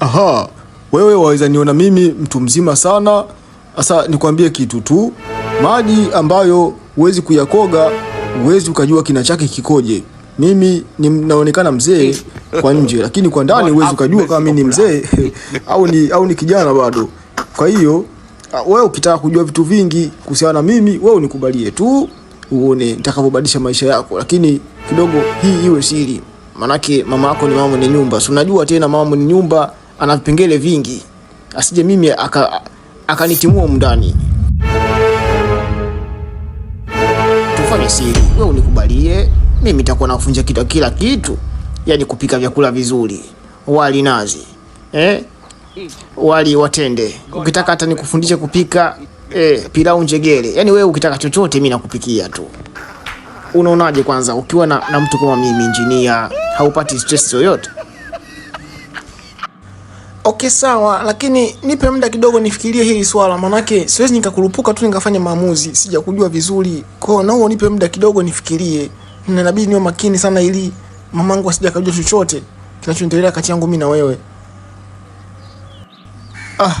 Aha, wewe waweza niona mimi mtu mzima sana. Sasa nikwambie kitu tu, maji ambayo huwezi kuyakoga huwezi ukajua kina chake kikoje. Mimi ninaonekana mzee kwa nje, lakini kwa ndani huwezi ukajua kama mimi ni mzee au ni au ni kijana bado. Kwa hiyo wewe ukitaka kujua vitu vingi kuhusiana na mimi, wewe unikubalie tu uone nitakavyobadilisha maisha yako, lakini kidogo hii iwe siri, manake mama yako ni mama ni nyumba, si unajua tena mama ni nyumba ana vipengele vingi, asije mimi akanitimua aka mndani. Tufanye siri, wewe unikubalie mimi, nitakuwa nafunja kita kila kitu, yaani kupika vyakula vizuri, wali nazi eh? wali watende, ukitaka hata nikufundishe kupika eh, pilau njegele, yaani wewe ukitaka chochote mimi nakupikia tu. Unaonaje? Kwanza ukiwa na, na mtu kama mimi injinia, haupati stress yoyote? Okay, sawa, lakini nipe muda kidogo nifikirie hili swala, manake siwezi nikakurupuka tu nikafanya maamuzi, sijakujua vizuri. Kwa hiyo nao nipe muda kidogo nifikirie, na inabidi niwe makini sana, ili mamangu asije akajua chochote kinachoendelea kati yangu mimi na wewe. Ah,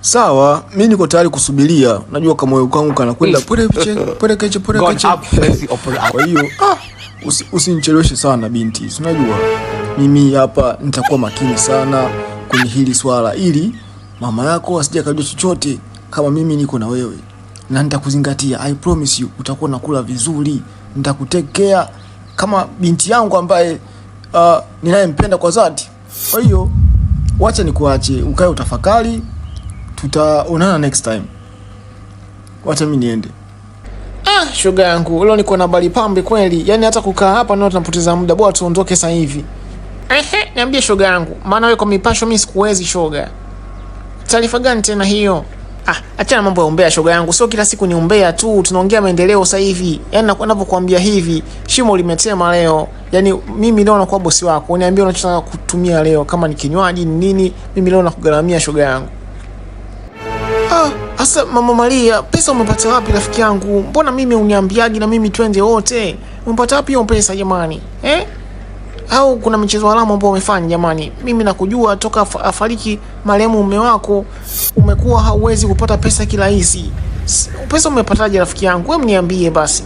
sawa, mi niko tayari kusubiria. Najua kama wewe kangu kanakwenda pole piche pole keche pole keche. Kwa hiyo ah, usinicheleweshe sana binti, unajua mimi hapa nitakuwa makini sana kwenye hili swala, ili mama yako asije akajua chochote, kama mimi niko na wewe na nitakuzingatia. I promise you, utakuwa nakula vizuri, nitakutekea kama binti yangu ambaye uh, ninayempenda kwa zati Kwa hiyo wacha nikuache ukae utafakari, tutaonana next time. Wacha mimi niende. Ah, shoga yangu leo niko na bali pambe kweli, yaani hata kukaa hapa nao tunapoteza muda, bora tuondoke sasa hivi. Ehe, niambie shoga yangu, maana wewe kwa mipasho mimi sikuwezi shoga. Taarifa gani tena hiyo? Ah, achana mambo ya umbea shoga yangu, sio kila siku ni umbea tu, tunaongea maendeleo sasa hivi. Yaani ninapokuambia hivi, shimo limetema leo. Yaani mimi leo nakuwa bosi wako, Niambie unachotaka kutumia leo, kama ni kinywaji ni nini, mimi leo nakugaramia shoga yangu. Ah, asa Mama Maria, pesa umepata wapi rafiki yangu? Mbona mimi uniambiaje na mimi twende wote? Umepata wapi hiyo pesa jamani? Eh? au kuna michezo haramu ambayo umefanya? Jamani, mimi nakujua toka afariki marehemu mume wako, umekuwa hauwezi kupata pesa kirahisi. Pesa umepataje rafiki yangu? Wewe mniambie basi,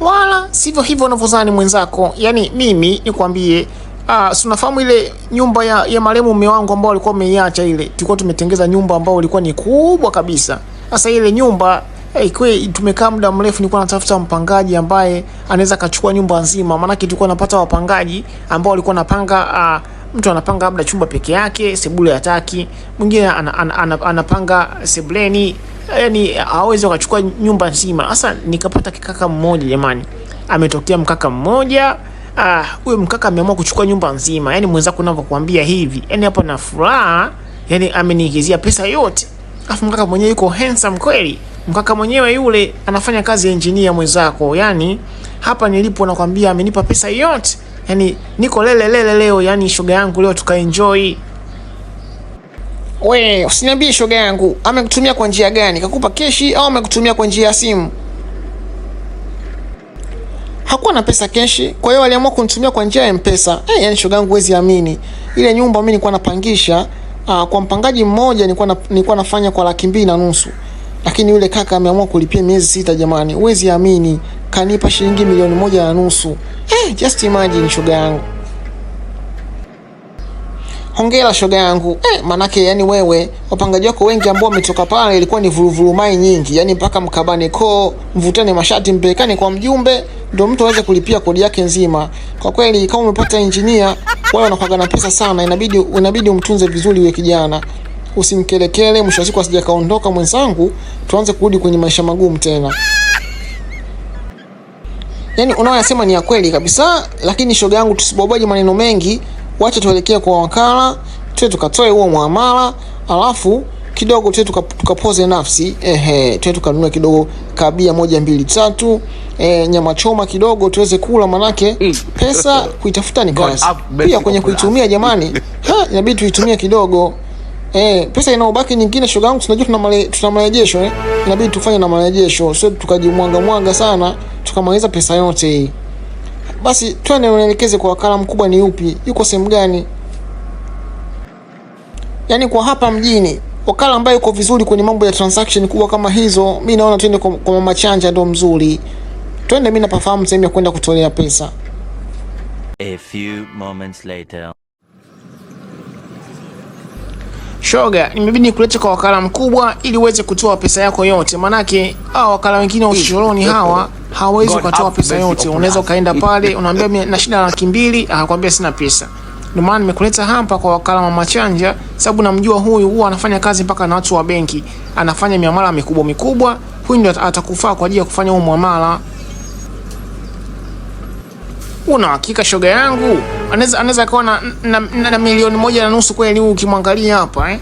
wala sivyo hivyo unavyozani mwenzako. Yani mimi nikwambie, ah, si unafahamu ile nyumba ya, ya marehemu mume wangu ambao alikuwa ameiacha ile, tulikuwa tumetengeza nyumba ambao ilikuwa ni kubwa kabisa. Sasa ile nyumba hey, kwe tumekaa muda mrefu, nilikuwa natafuta mpangaji ambaye anaweza kachukua nyumba nzima, maanake tulikuwa napata wapangaji ambao walikuwa napanga uh, ah, mtu anapanga labda chumba peke yake, sebule hataki, mwingine an, an, an, anapanga sebuleni, yani hawezi wakachukua nyumba nzima. Sasa nikapata kikaka mmoja, jamani, ametokea mkaka mmoja ah, huyo. Uh, mkaka ameamua kuchukua nyumba nzima, yaani mwenzako unavyokuambia hivi, yani hapa na furaha, yani ameniingizia pesa yote, afu mkaka mwenyewe yuko handsome kweli mkaka mwenyewe yule anafanya kazi ya engineer mwenzako. Yani hapa nilipo nakwambia amenipa pesa yote, yani niko lele lele leo, yani shoga yangu leo tuka enjoy. We usiniambie shoga yangu amekutumia kwa njia gani? Kakupa keshi au amekutumia kwa njia ya simu? Hakuwa na pesa keshi, kwa hiyo aliamua kunitumia kwa njia ya mpesa. pesa Eh, yani shoga yangu huwezi amini. Ile nyumba mimi nilikuwa napangisha, aa, ah, kwa mpangaji mmoja nilikuwa nilikuwa nafanya kwa laki mbili na nusu. Lakini yule kaka ameamua kulipia miezi sita. Jamani, huwezi amini, kanipa shilingi milioni moja na nusu. Eh, just imagine shoga yangu. Hongera shoga yangu. Eh, manake yani wewe wapangaji wako wengi ambao wametoka pale ilikuwa ni vuruvuru mai nyingi. Yaani mpaka mkabane koo, mvutane mashati mpelekane kwa mjumbe ndio mtu aweze kulipia kodi yake nzima. Kwa kweli kama umepata engineer wao wanakuwa na pesa sana, inabidi inabidi umtunze vizuri yule kijana usimkelekele, mwisho wa siku asije kaondoka mwenzangu, tuanze kurudi kwenye maisha magumu tena. Yaani unaoyasema ni ya kweli kabisa, lakini shoga yangu, tusibobaje maneno mengi, wacha tuelekee kwa wakala tuwe tukatoe huo muamala, alafu kidogo tuwe tukapoze tuka nafsi ehe, tuwe tukanunua kidogo kabia moja mbili tatu e, nyama choma kidogo tuweze kula, manake mm. pesa kuitafuta ni kazi pia, kwenye kuitumia jamani, inabidi tuitumie kidogo. Eh, pesa inaobaki nyingine shoga yangu tunajua tuna male, tuna marejesho eh. Inabidi tufanye na marejesho, sio tukajimwanga mwanga sana, tukamaliza pesa yote hii. Basi twende unielekeze kwa wakala mkubwa ni upi? Yuko sehemu gani? Yaani kwa hapa mjini, wakala ambaye yuko vizuri kwenye mambo ya transaction kubwa kama hizo, mi naona twende kwa, kwa Mama Chanja ndo mzuri. Twende, mi napafahamu sehemu ya kwenda kutolea pesa. A few moments later. Shoga, nimebidi kuleta kwa wakala mkubwa ili uweze kutoa pesa yako yote, manake hawa wakala wengine wa ushoroni hawa hawawezi kutoa pesa yote. Unaweza ukaenda pale unaambia na shida laki mbili, akakwambia sina pesa. Ndio maana nimekuleta hapa kwa wakala Mama Chanja, sababu namjua huyu, huwa anafanya kazi mpaka na watu wa benki, anafanya miamala mikubwa mikubwa. Huyu ndio atakufaa kwa ajili ya kufanya huo muamala. Una hakika shoga yangu? anaweza anaweza akawa na, na, na, na milioni moja na nusu kweli, huu ukimwangalia hapa eh?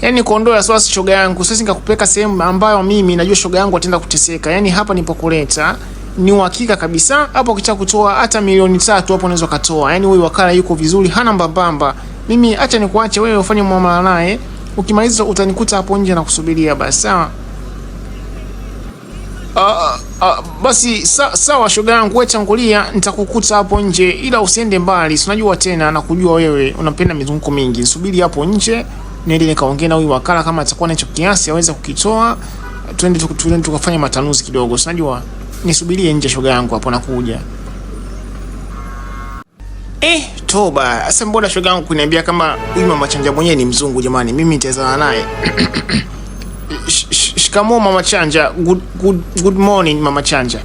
Yani kuondoa wasiwasi shoga yangu, siwezi nikakupeleka sehemu ambayo mimi najua shoga yangu ataenda kuteseka. Yani hapa nipokuleta ni uhakika kabisa, hapo ukitaka kutoa hata milioni tatu hapo unaweza ukatoa. Yani huyu wakala yuko vizuri, hana mbambamba. Mimi acha nikuache wewe ufanye muamala naye, ukimaliza utanikuta hapo nje na kusubiria basi, sawa? Uh, uh, basi sa, sawa shoga yangu, wewe tangulia, nitakukuta hapo nje, ila usiende mbali, si unajua tena na kujua wewe unapenda mizunguko mingi. Subiri hapo nje, niende nikaongea na huyu wakala, kama atakuwa na hicho kiasi aweze kukitoa, twende tukafanye tuka matanuzi kidogo, si unajua. Nisubirie nje shoga yangu, hapo nakuja. Eh, toba. Sasa mbona shoga yangu kuniambia kama huyu mama chanja mwenyewe ni mzungu? Jamani, mimi nitaezana naye sh, sh, shikamo mama Chanja. Good, good, good morning mama Chanja.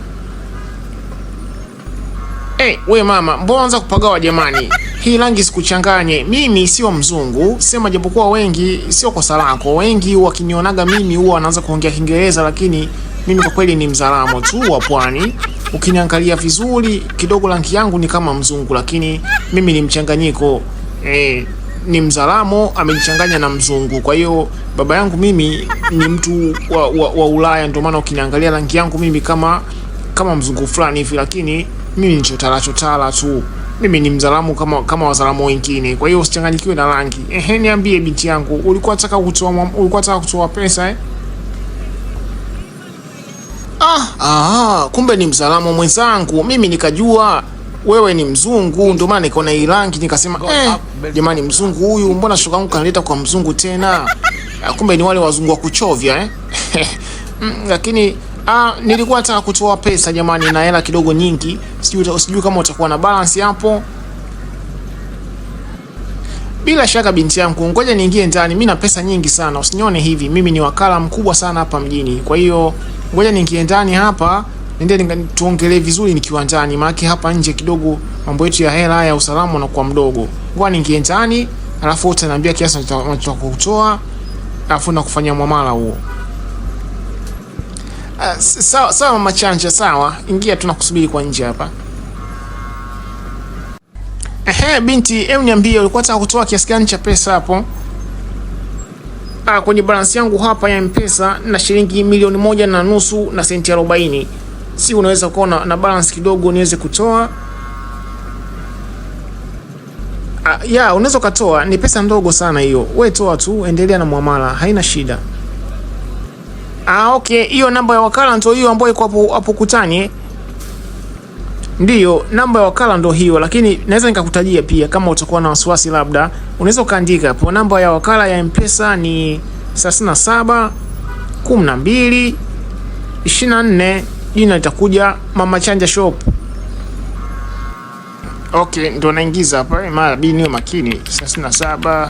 Hey, we mama, mbona kupagawa jamani? Hii rangi sikuchanganye. Mimi sio mzungu, sema japokuwa wengi sio kosa lako. Wengi wakinionaga mimi huwa wanaanza kuongea Kiingereza lakini mimi kwa kweli ni mzalamo tu wa pwani. Ukiniangalia vizuri kidogo rangi yangu ni kama mzungu lakini mimi ni mchanganyiko. hey. Eh, ni mzalamo amejichanganya na Mzungu. Kwa hiyo baba yangu mimi ni mtu wa, wa, wa Ulaya, ndio maana ukiniangalia rangi yangu mimi kama kama mzungu fulani hivi, lakini mimi ni chotara chotara tu. Mimi ni mzalamu kama kama Wazaramo wengine, kwa hiyo usichanganyikiwe na rangi. Ehe, niambie binti yangu, ulikuwa unataka kutoa ulikuwa unataka kutoa pesa eh? Ah, ah, kumbe ni mzalamo mwenzangu, mimi nikajua wewe ni mzungu, ndio maana nikaona hii rangi nikasema, eh, ah, jamani, mzungu huyu, mbona shoga yangu kanileta kwa mzungu tena? Ah, kumbe ni wale wazungu wa kuchovya eh? Mm, lakini ah, nilikuwa nataka kutoa pesa jamani, na hela kidogo nyingi, sijui sijui kama utakuwa na balance hapo. Bila shaka binti yangu, ngoja niingie ndani, mimi na pesa nyingi sana, usinione hivi, mimi ni wakala mkubwa sana hapa mjini, kwa hiyo ngoja niingie ndani hapa nendeni tuongelee vizuri ni kiwanjani, maana hapa nje kidogo mambo yetu ya hela ya usalama na kwa mdogo. Ngoja ningie ndani, alafu utaniambia kiasi nitakutoa, alafu na kufanya muamala huo. Ah, sawa sawa, mama Chanja, sawa, ingia, tunakusubiri kwa nje hapa. Ehe, binti, hebu niambie ulikuwa unataka kutoa kiasi gani cha pesa hapo? Ah, kwenye balance yangu hapa ya M-Pesa na shilingi milioni moja na nusu na senti arobaini si unaweza kuwa na, na balance kidogo niweze kutoa uh, ya unaweza ukatoa, ni pesa ndogo sana hiyo, we toa tu, endelea na muamala, haina shida. Ah, okay, hiyo namba ya wakala ndio hiyo ambayo iko hapo hapo kutani. Ndiyo, namba ya wakala ndio hiyo, lakini naweza nikakutajia pia kama utakuwa na wasiwasi, labda unaweza ukaandika hapo. Namba ya wakala ya Mpesa ni 37 12 24 jina litakuja Mama Chanja Shop. Okay, ndo naingiza hapa mara bi niyo makini 37 na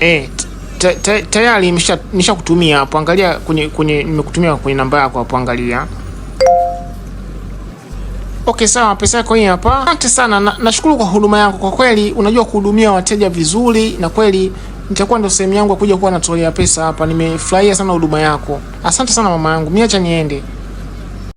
eh tayari nishakutumia hapo, angalia kwenye kwenye nimekutumia kwenye namba yako hapo, angalia. Okay, sawa, pesa yako hii hapa. Asante sana, nashukuru na kwa huduma yako. Kwa kweli unajua kuhudumia wateja vizuri na kweli nitakuwa ndo sehemu yangu ya kuja kuwa natolea pesa hapa. Nimefurahia sana huduma yako, asante sana mama yangu, mimi acha niende.